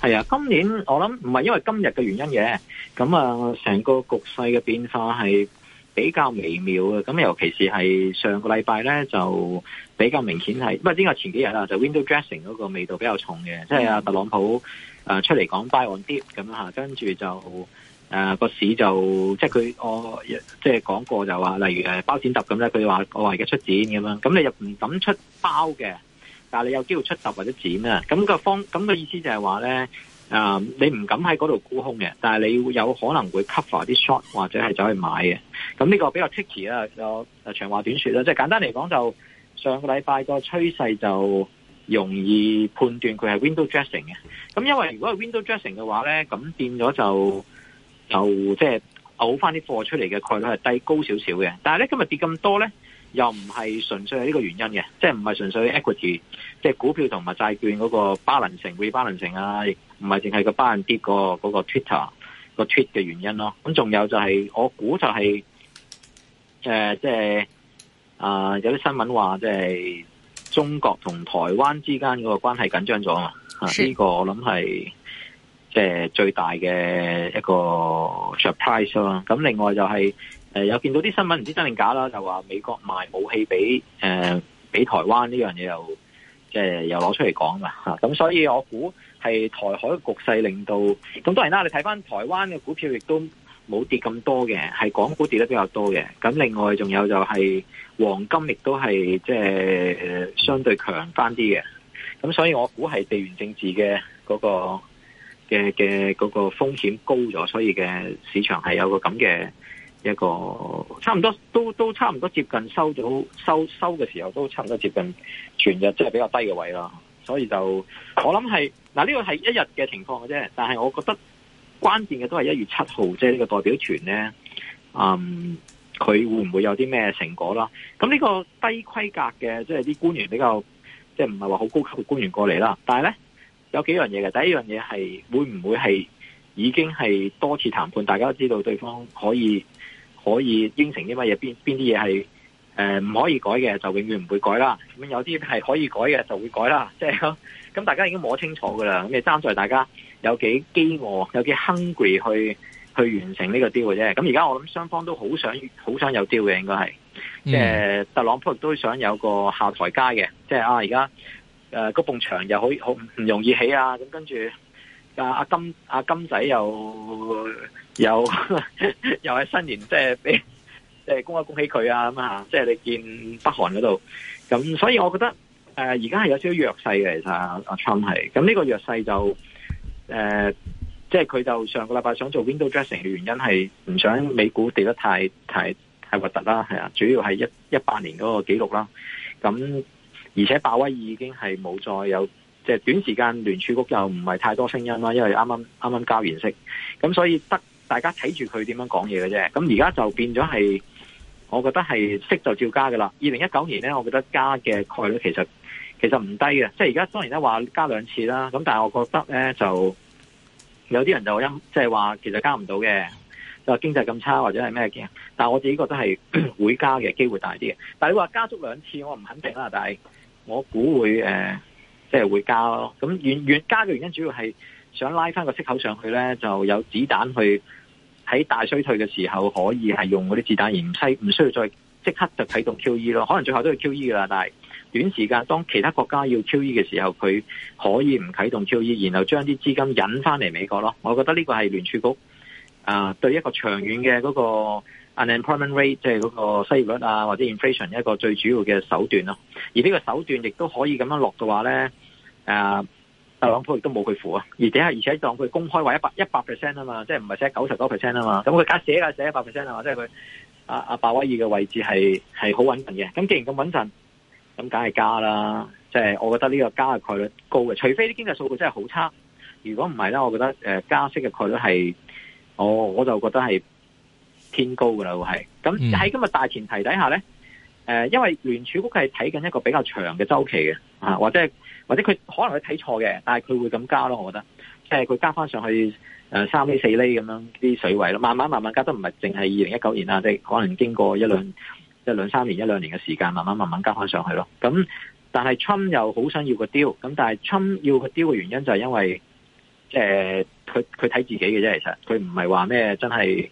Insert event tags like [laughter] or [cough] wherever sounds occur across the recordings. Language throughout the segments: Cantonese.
係啊，今年我諗唔係因為今日嘅原因嘅，咁啊成個局勢嘅變化係比較微妙嘅，咁尤其是係上個禮拜咧就比較明顯係，不過呢個前幾日啦，就 window dressing 嗰個味道比較重嘅、嗯，即係特朗普誒、呃、出嚟講 buy on dip 咁吓，跟住就誒個、呃、市就即係佢我即係講過就話，例如誒包展揼咁咧，佢話我話而家出展咁樣，咁你又唔敢出包嘅。但係你有機會出突或者剪啊，咁、那個方咁嘅、那個、意思就係話咧，啊、呃，你唔敢喺嗰度沽空嘅，但係你有可能會 cover 啲 short 或者係走去買嘅，咁呢個比較 tricky 啦，有長話短說啦，即、就、係、是、簡單嚟講就上個禮拜個趨勢就容易判斷佢係 window dressing 嘅，咁因為如果係 window dressing 嘅話咧，咁變咗就就即係嘔返翻啲貨出嚟嘅概率係低高少少嘅，但係咧今日跌咁多咧。又唔係純粹係呢個原因嘅，即係唔係純粹 equity，即係股票同埋債券嗰個 balance 會 balance 啊，唔係淨係個 balance 跌嗰個 Twitter 個 tweet 嘅原因咯。咁仲有就係、是、我估就係誒即係啊有啲新聞話即係中國同台灣之間嗰個關係緊張咗啊嘛！呢、這個我諗係即係最大嘅一個 surprise 咯、啊。咁另外就係、是。有見到啲新聞唔知真定假啦，就話美國賣武器俾誒俾台灣呢樣嘢，又即係、呃、又攞出嚟講啦吓，咁、啊、所以我估係台海嘅局勢令到咁，當然啦，你睇翻台灣嘅股票亦都冇跌咁多嘅，係港股跌得比較多嘅。咁另外仲有就係黃金亦都係即係相對強翻啲嘅。咁所以我估係地緣政治嘅嗰、嗰個嘅嘅、嗰個嗰個風險高咗，所以嘅市場係有個咁嘅。一個差唔多都都差唔多接近收咗收收嘅時候，都差唔多接近全日即係比較低嘅位啦。所以就我諗係嗱呢個係一日嘅情況嘅啫。但係我覺得關鍵嘅都係一月七號即係呢個代表團咧，嗯，佢會唔會有啲咩成果啦？咁呢個低規格嘅即係啲官員比較即係唔係話好高級嘅官員過嚟啦。但係咧有幾樣嘢嘅，第一樣嘢係會唔會係已經係多次談判？大家都知道對方可以。可以應承啲乜嘢？邊邊啲嘢係誒唔可以改嘅，就永遠唔會改啦。咁有啲係可以改嘅，就會改啦。即係咁，大家已經摸清楚噶啦。咁你爭在大家有幾飢餓，有幾 hungry 去去完成呢個 deal 嘅啫。咁而家我諗雙方都好想好想有 deal 嘅，應該係即係特朗普都想有一個下台階嘅。即係啊，而家誒嗰埲牆又好好唔容易起啊。咁跟住阿阿金阿金仔又。又又喺新年即係俾即係恭啊恭喜佢啊，咁啊，即係你見北韓嗰度，咁，所以我覺得誒而家係有少少弱勢嘅其實阿啊，春係咁呢個弱勢就誒，即係佢就上個禮拜想做 window dressing 嘅原因係唔想美股跌得太太太核突啦，係啊，主要係一一八年嗰個紀錄啦。咁而且鮑威爾已經係冇再有，即係短時間聯儲局又唔係太多聲音啦，因為啱啱啱啱交完息，咁所以得。大家睇住佢點樣講嘢嘅啫，咁而家就變咗係，我覺得係息就照加㗎啦。二零一九年咧，我覺得加嘅概率其實其實唔低嘅，即係而家當然咧話加兩次啦。咁但係我覺得咧就有啲人就因即係話其實加唔到嘅，就經濟咁差或者係咩嘅。但係我自己覺得係會加嘅機會大啲嘅。但係你話加足兩次，我唔肯定啦。但係我估會呃，即係會加咯。咁遠遠加嘅原因主要係。想拉翻個息口上去咧，就有子彈去喺大衰退嘅時候，可以係用嗰啲子彈延期，唔需要再即刻就啟動 QE 咯。可能最後都要 QE 噶啦，但係短時間當其他國家要 QE 嘅時候，佢可以唔啟動 QE，然後將啲資金引翻嚟美國咯。我覺得呢個係聯儲局啊、呃，對一個長遠嘅嗰個 unemployment rate，即係嗰個失業率啊，或者 inflation 一個最主要嘅手段咯。而呢個手段亦都可以咁樣落嘅話咧，誒、呃。特朗普亦都冇佢符啊，而且係而且當佢公開話一百一百 percent 啊嘛，即係唔係寫九十多 percent 啊嘛，咁佢加寫噶寫一百 percent 啊嘛，即係佢阿阿鮑威爾嘅位置係係好穩陣嘅，咁既然咁穩陣，咁梗係加啦，即係我覺得呢個加嘅概率高嘅，除非啲經濟數據真係好差，如果唔係咧，我覺得誒加息嘅概率係，我我就覺得係偏高噶啦，會係，咁喺今日大前提底下咧，誒，因為聯儲局係睇緊一個比較長嘅周期嘅，啊，或者係。或者佢可能佢睇錯嘅，但係佢會咁加咯，我覺得，即係佢加翻上去，誒三厘、四厘咁樣啲水位咯，慢慢慢慢加，都唔係淨係二零一九年啦，即係可能經過一兩即係兩三年一兩年嘅時間，慢慢慢慢加翻上去咯。咁但係春又好想要個雕，咁但係春要個雕嘅原因就係因為，誒佢佢睇自己嘅啫，其實佢唔係話咩真係，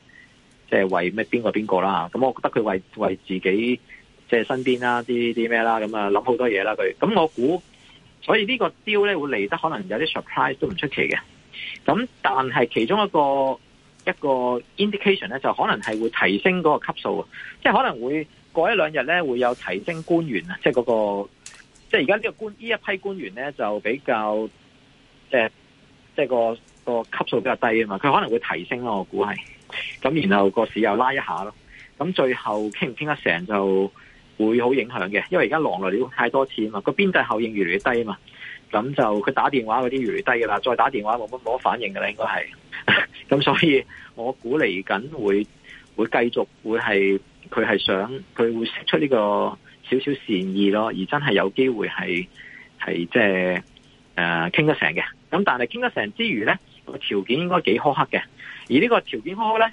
即係為咩邊個邊個啦？咁我覺得佢為，為自己，即係身邊啦，啲啲咩啦，咁啊諗好多嘢啦佢，咁我估。所以呢個雕咧會嚟得可能有啲 surprise 都唔出奇嘅。咁但係其中一個一個 indication 咧就可能係會提升嗰個級數，即係可能會過一兩日咧會有提升官員啊，即係嗰個即係而家呢個官呢一批官員咧就比較即係即個個級數比較低啊嘛，佢可能會提升咯，我估係。咁然後個市又拉一下咯，咁最後傾唔傾得成就？會好影響嘅，因為而家狼來了太多次啊嘛，個邊際效應越嚟越低啊嘛，咁就佢打電話嗰啲越嚟越低噶啦，再打電話冇乜冇乜反應噶啦，應該係，咁 [laughs] 所以我估嚟緊會會繼續會係佢係想佢會釋出呢個少少善意咯，而真係有機會係係即係誒傾得成嘅，咁但係傾得成之餘呢，個條件應該幾苛刻嘅，而呢個條件苛刻呢，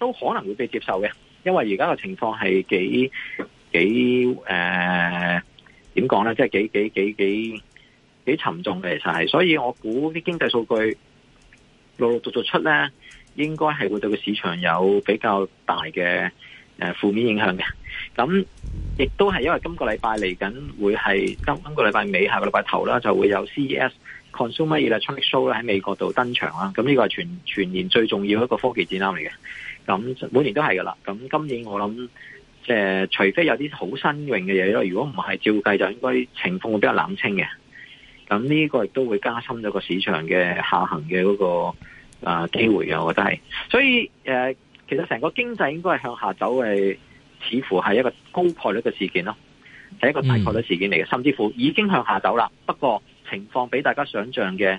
都可能會被接受嘅，因為而家個情況係幾幾誒點講咧？即係幾幾幾幾幾沉重嘅，其實係，所以我估啲經濟數據陸陸續續出咧，應該係會對個市場有比較大嘅誒負面影響嘅。咁亦都係因為今個禮拜嚟緊會係今今個禮拜尾、下個禮拜頭啦，就會有 CES Consumer Electronics Show 喺美國度登場啦。咁呢個係全全年最重要一個科技展覽嚟嘅。咁每年都係噶啦。咁今年我諗。即、呃、除非有啲好新穎嘅嘢咯，如果唔係照計就應該情況會比較冷清嘅。咁呢個亦都會加深咗個市場嘅下行嘅嗰、嗰個啊機會嘅，我覺得係。所以誒、呃，其實成個經濟應該係向下走嘅，似乎係一個高概率嘅事件咯，係一個大概率嘅事件嚟嘅，嗯、甚至乎已經向下走啦。不過情況比大家想象嘅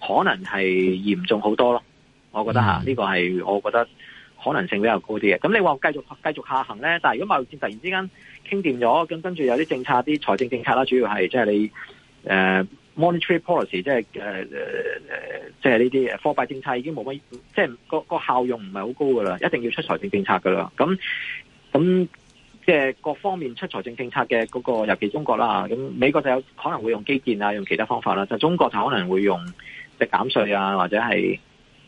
可能係嚴重好多咯。我覺得吓，呢、嗯啊這個係我覺得。可能性比較高啲嘅，咁你話繼續繼續下行咧？但係如果貿易戰突然之間傾掂咗，咁跟住有啲政策、啲財政政策啦，主要係即係你誒、呃、monetary policy，即係誒誒誒，即係呢啲貨幣政策已經冇乜，即係個個效用唔係好高噶啦，一定要出財政政策噶啦。咁咁即係各方面出財政政策嘅嗰個，尤其中國啦，咁美國就有可能會用基建啊，用其他方法啦。就中國就可能會用即係減稅啊，或者係誒、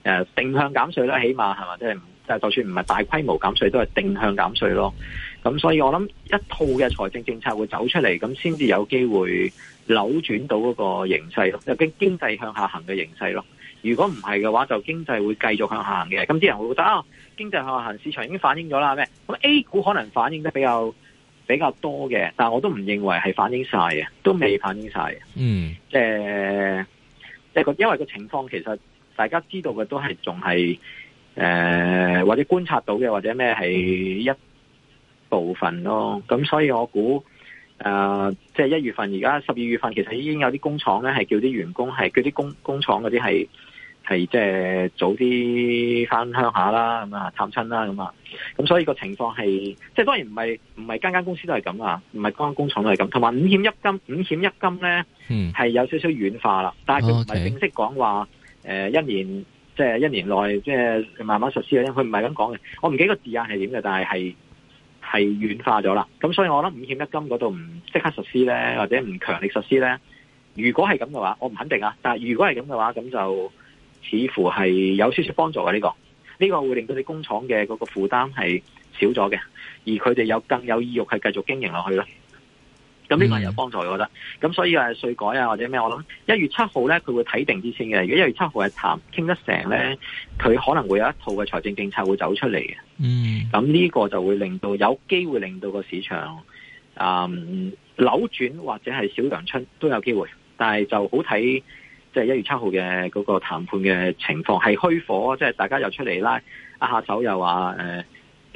呃、定向減稅啦，起碼係咪？即係。就是就就算唔係大規模減稅，都係定向減稅咯。咁所以我諗一套嘅財政政策會走出嚟，咁先至有機會扭轉到嗰個形勢咯。就經、是、經濟向下行嘅形勢咯。如果唔係嘅話，就經濟會繼續向下行嘅。咁啲人會覺得啊，經濟向下行，市場已經反映咗啦。咩？咁 A 股可能反映得比較比較多嘅，但係我都唔認為係反映晒嘅，都未反映晒嘅。嗯，即即係個，因為個情況其實大家知道嘅都係仲係。誒、呃，或者觀察到嘅，或者咩係一部分咯。咁所以我估誒，即係一月份而家十二月份，月份其實已經有啲工廠咧，係叫啲員工係叫啲工工廠嗰啲係係即係早啲翻鄉下啦，咁啊，探親啦，咁啊。咁所以個情況係，即係當然唔係唔係間間公司都係咁啊，唔係間間工廠都係咁。同埋五險一金，五險一金咧，係、嗯、有少少軟化啦，但係佢唔係正式講話誒一年。即係一年內，即係慢慢實施嘅，因佢唔係咁講嘅。我唔記得字眼係點嘅，但係係係軟化咗啦。咁所以我諗五險一金嗰度唔即刻實施咧，或者唔強力實施咧。如果係咁嘅話，我唔肯定啊。但係如果係咁嘅話，咁就似乎係有少少幫助嘅呢個。呢個會令到你工廠嘅嗰個負擔係少咗嘅，而佢哋有更有意欲係繼續經營落去咯。咁呢個係有幫助，我覺得。咁所以話稅改啊，或者咩？我諗一月七號咧，佢會睇定啲先嘅。如果一月七號係談傾得成咧，佢可能會有一套嘅財政政策會走出嚟嘅。嗯。咁呢個就會令到有機會令到個市場啊、嗯、扭轉，或者係小陽春都有機會。但係就好睇，即係一月七號嘅嗰個談判嘅情況係虛火，即係大家又出嚟啦，一下手又話誒、呃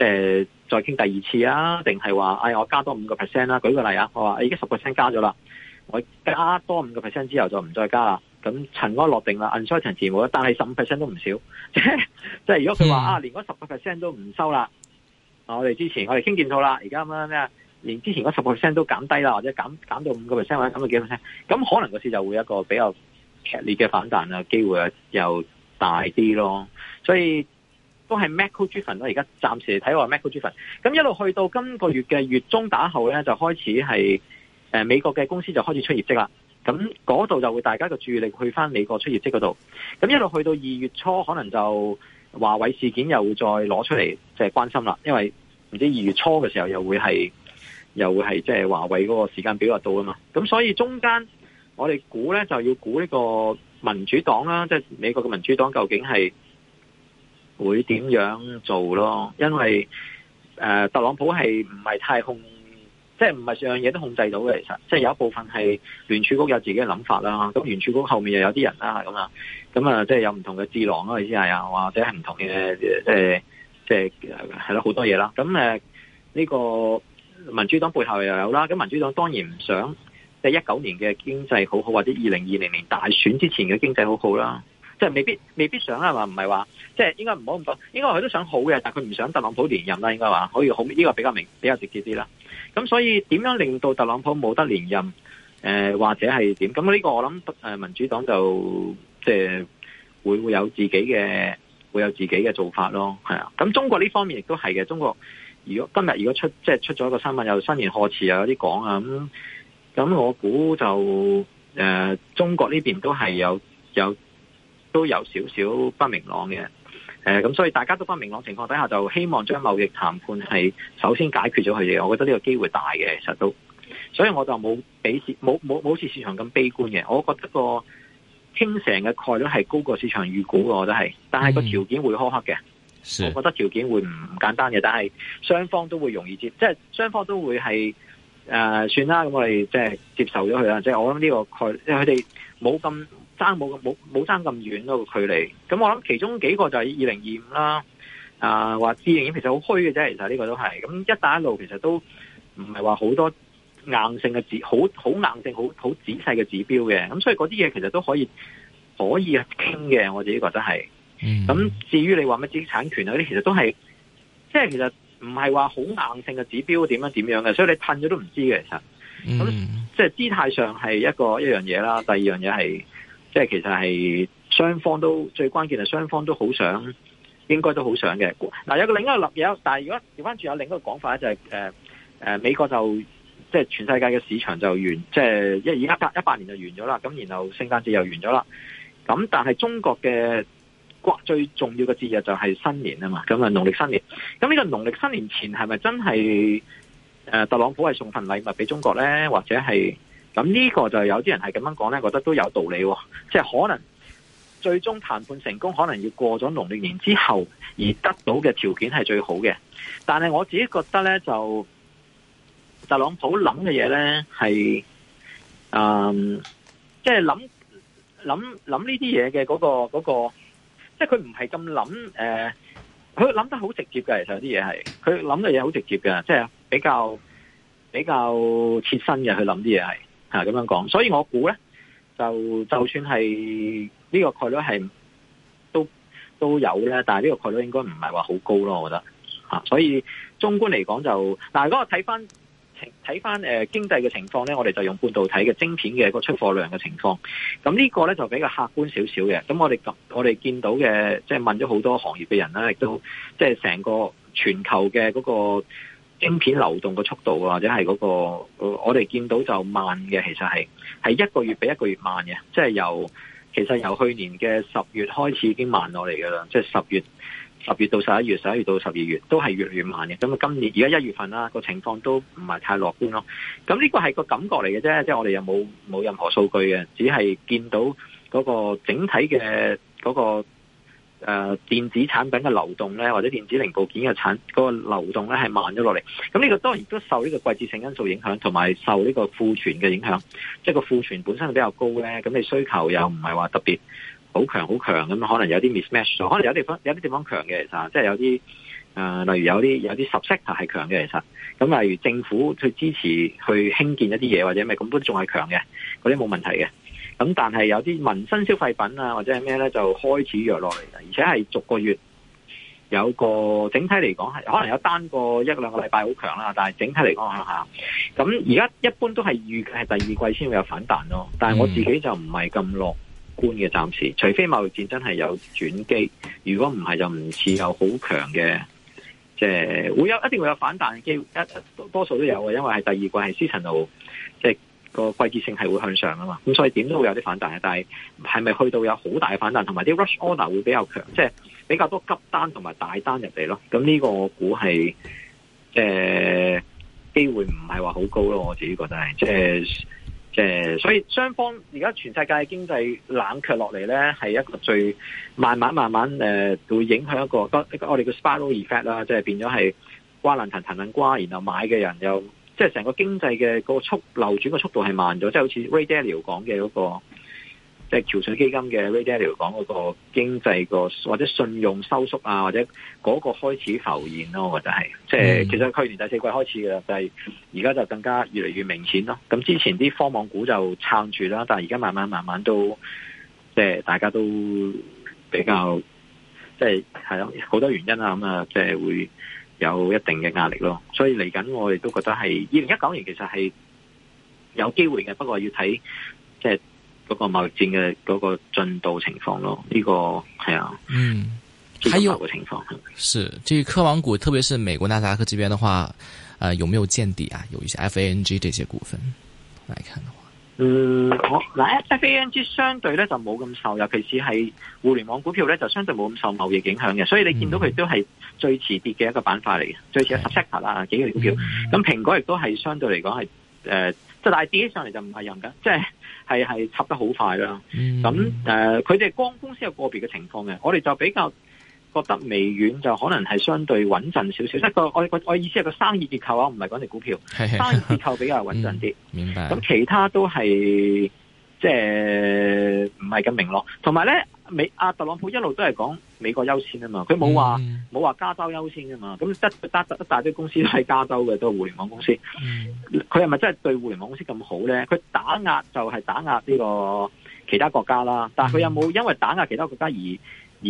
呃再傾第二次啊？定係話，哎，我加多五個 percent 啦！舉個例啊，我話已經十個 percent 加咗啦，我加多五個 percent 之後就唔再加啦，咁塵埃落定啦，銀收停止冇。但係十五 percent 都唔少，即即係如果佢話啊，連嗰十個 percent 都唔收啦，我哋之前我哋傾見到啦，而家咁樣咩啊？連之前嗰十個 percent 都減低啦，或者減減到五個 percent 或者減到幾多 percent？咁可能個市就會一個比較劇烈嘅反彈啊，機會又大啲咯，所以。都係 macro driven 咯，而家暫時睇我 macro driven，咁一路去到今個月嘅月中打後咧，就開始係、呃、美國嘅公司就開始出業績啦。咁嗰度就會大家嘅注意力去翻美國出業績嗰度。咁一路去到二月初，可能就華為事件又會再攞出嚟，即係關心啦。因為唔知二月初嘅時候又會係又會係即係華為嗰個時間表又到啊嘛。咁所以中間我哋估咧就要估呢個民主黨啦，即係美國嘅民主黨究竟係。會點樣做咯？因為誒、呃，特朗普係唔係太控，即係唔係上樣嘢都控制到嘅。其實，即係有一部分係聯儲局有自己嘅諗法啦。咁聯儲局後面又有啲人啦，咁啊。咁啊，即、呃、係、就是、有唔同嘅智囊啊，意思係啊，或者係唔同嘅誒，即係係咯，好、就是、多嘢啦。咁誒，呢、呃這個民主黨背後又有啦。咁民主黨當然唔想即係一九年嘅經濟好好，或者二零二零年大選之前嘅經濟好好啦。即係未必未必想啦，話唔係話，即係應該唔好咁多。應該佢都想好嘅，但佢唔想特朗普連任啦。應該話可以好呢個比較明比較直接啲啦。咁所以點樣令到特朗普冇得連任？誒、呃、或者係點？咁呢個我諗、呃、民主黨就即係會會有自己嘅會有自己嘅做法咯。係啊，咁中國呢方面亦都係嘅。中國如果今日如果出即係出咗個新聞，又新年賀詞又有啲講啊，咁咁我估就誒、呃、中國呢邊都係有有。有都有少少不明朗嘅，誒、呃，咁所以大家都不明朗的情況底下，就希望將貿易談判係首先解決咗佢哋。我覺得呢個機會大嘅，其實都，所以我就冇俾冇冇好似市場咁悲觀嘅。我覺得個傾成嘅概率係高過市場預估，我覺得係，但係個條件會苛刻嘅，嗯，我覺得條件會唔簡單嘅，但係雙方都會容易接，即係雙方都會係誒、呃、算啦，咁我哋即係接受咗佢啦。即係我諗呢個概，即係佢哋冇咁。爭冇冇冇爭咁遠嗰個距離，咁我諗其中幾個就係二零二五啦，啊話資源其實好虛嘅啫，其實呢個都係咁一帶一路，其實都唔係話好多硬性嘅指好好硬性好好仔細嘅指標嘅，咁所以嗰啲嘢其實都可以可以傾嘅，我自己覺得係。咁、嗯、至於你話咩知識產權啊嗰啲，其實都係即係其實唔係話好硬性嘅指標點樣點樣嘅，所以你褪咗都唔知嘅，其實。咁、嗯、即係姿態上係一個一樣嘢啦，第二樣嘢係。即係其實係雙方都最關鍵，係雙方都好想，應該都好想嘅。嗱、啊，有個另一個立友，但係如果調翻轉，有另一個講法咧，就係誒誒，美國就即係、就是、全世界嘅市場就完，即、就、係、是、一而家隔一八年就完咗啦。咁然後聖誕節又完咗啦。咁但係中國嘅國最重要嘅節日就係新年啊嘛。咁啊農曆新年。咁呢個農曆新年前係咪真係誒、呃、特朗普係送份禮物俾中國咧，或者係？咁呢個就有啲人係咁樣講咧，覺得都有道理喎、哦。即、就、係、是、可能最終談判成功，可能要過咗農曆年之後而得到嘅條件係最好嘅。但係我自己覺得咧，就特朗普諗嘅嘢咧係，嗯，即係諗諗諗呢啲嘢嘅嗰個嗰個，即係佢唔係咁諗。誒、就是，佢諗得好直接嘅，其實有啲嘢係佢諗嘅嘢好直接嘅，即、就、係、是、比較比較切身嘅去諗啲嘢係，咁樣講，所以我估咧，就就算係呢個概率，係都都有咧，但係呢個概率應該唔係話好高咯，我覺得吓。所以縱觀嚟講就，嗱、那個，嗰個睇翻睇翻誒經濟嘅情況咧，我哋就用半導體嘅晶片嘅嗰、那個、出貨量嘅情況。咁呢個咧就比較客觀少少嘅。咁我哋我哋見到嘅，即、就、係、是、問咗好多行業嘅人呢，亦都即係成個全球嘅嗰、那個。芯片流動嘅速度或者係嗰個，我哋見到就慢嘅，其實係係一個月比一個月慢嘅，即係由其實由去年嘅十月開始已經慢落嚟噶啦，即係十月十月到十一月，十一月到十二月都係越嚟越慢嘅。咁啊，今年而家一月份啦，個情況都唔係太樂觀咯。咁呢個係個感覺嚟嘅啫，即係我哋又冇冇任何數據嘅，只係見到嗰個整體嘅嗰個。誒、呃、電子產品嘅流動咧，或者電子零部件嘅產嗰、那個、流動咧，係慢咗落嚟。咁呢個當然都受呢個季節性因素影響，同埋受呢個庫存嘅影響。即、就、係、是、個庫存本身係比較高咧，咁你需求又唔係話特別好強好強咁，可能有啲 mismatch、啊。可能有地方有啲地方強嘅其實，即係有啲誒、呃，例如有啲有啲 sub-sector 係強嘅其實。咁、啊、例如政府去支持去興建一啲嘢或者咩，咁都仲係強嘅，嗰啲冇問題嘅。咁但係有啲民生消費品啊或者係咩咧就開始弱落嚟啦，而且係逐個月有個整體嚟講係可能有單個一兩個禮拜好強啦，但係整體嚟講吓，咁而家一般都係預計第二季先會有反彈咯。但係我自己就唔係咁樂觀嘅，暫時除非貿易戰真係有轉機，如果唔係就唔似有好強嘅，即係會有一定會有反彈嘅機會，多多數都有嘅，因為係第二季係思塵路即係。個季節性係會向上啊嘛，咁所以點都會有啲反彈啊！但係係咪去到有好大嘅反彈，同埋啲 rush order 會比較強，即係比較多急單同埋大單入嚟咯。咁呢個我估係，誒、呃、機會唔係話好高咯。我自己覺得係，即係即係，所以雙方而家全世界經濟冷卻落嚟咧，係一個最慢慢慢慢、呃、會影響一個，一個我哋嘅 spiral effect 啦，即係變咗係瓜爛藤藤爛瓜，然後買嘅人又。即係成個經濟嘅個速流轉嘅速度係慢咗，即係好似 Ray Dalio 講嘅嗰個，即係橋水基金嘅 Ray Dalio 講嗰個經濟個或者信用收縮啊，或者嗰個開始浮現咯，我覺得係。即係嗯、其實去年第四季開始嘅就係，而家就更加越嚟越明顯咯。咁之前啲科網股就撐住啦，但係而家慢慢慢慢都，即係大家都比較，即係係咯好多原因啊。咁啊，即係會。有一定嘅壓力咯，所以嚟緊我哋都覺得係二零一九年其實係有機會嘅，不過要睇即係嗰個貿易戰嘅嗰個進度情況咯。呢個係啊，嗯，有嘅情況係。是，至於科網股，特別是美國納斯達克這邊的話，啊、呃，有沒有見底啊？有一些 FANG 這些股份來看的話。嗯，我嗱，F A N G 相對咧就冇咁受，尤其是係互聯網股票咧就相對冇咁受貿易影響嘅，所以你見到佢都係最遲跌嘅一個板塊嚟嘅，最遲十 sector 啦，幾個股票，咁、嗯、蘋果亦都係相對嚟講係誒，即、呃、係但係跌起上嚟就唔係人噶，即係係係插得好快啦，咁、嗯、誒，佢哋光公司有個別嘅情況嘅，我哋就比較。覺得微軟就可能係相對穩陣少少，即係個我我我意思係個生意結構啊，唔係講你股票， [laughs] 生意結構比較穩陣啲。明白。咁其他都係即係唔係咁明咯。同埋咧，美阿特朗普一路都係講美國優先啊嘛，佢冇話冇話加州優先噶嘛。咁得得得，一大堆公司都係加州嘅都係互聯網公司。佢係咪真係對互聯網公司咁好咧？佢打壓就係打壓呢個其他國家啦。但係佢有冇因為打壓其他國家而？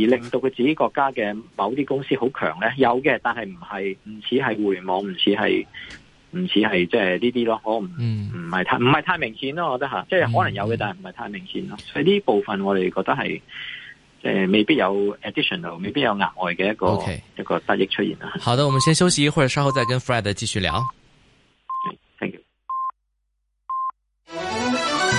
而令到佢自己國家嘅某啲公司好強咧，有嘅，但係唔係唔似係互聯網，唔似係唔似係即係呢啲咯。我唔唔係太唔係太明顯咯，我覺得吓，即、嗯、係可能有嘅，但係唔係太明顯咯。所以呢部分我哋覺得係即係未必有 additional，未必有額外嘅一個、Okay. 一個得益出現啊。好的，我們先休息一會兒，稍後再跟 Fred 繼續聊。Okay, thank you.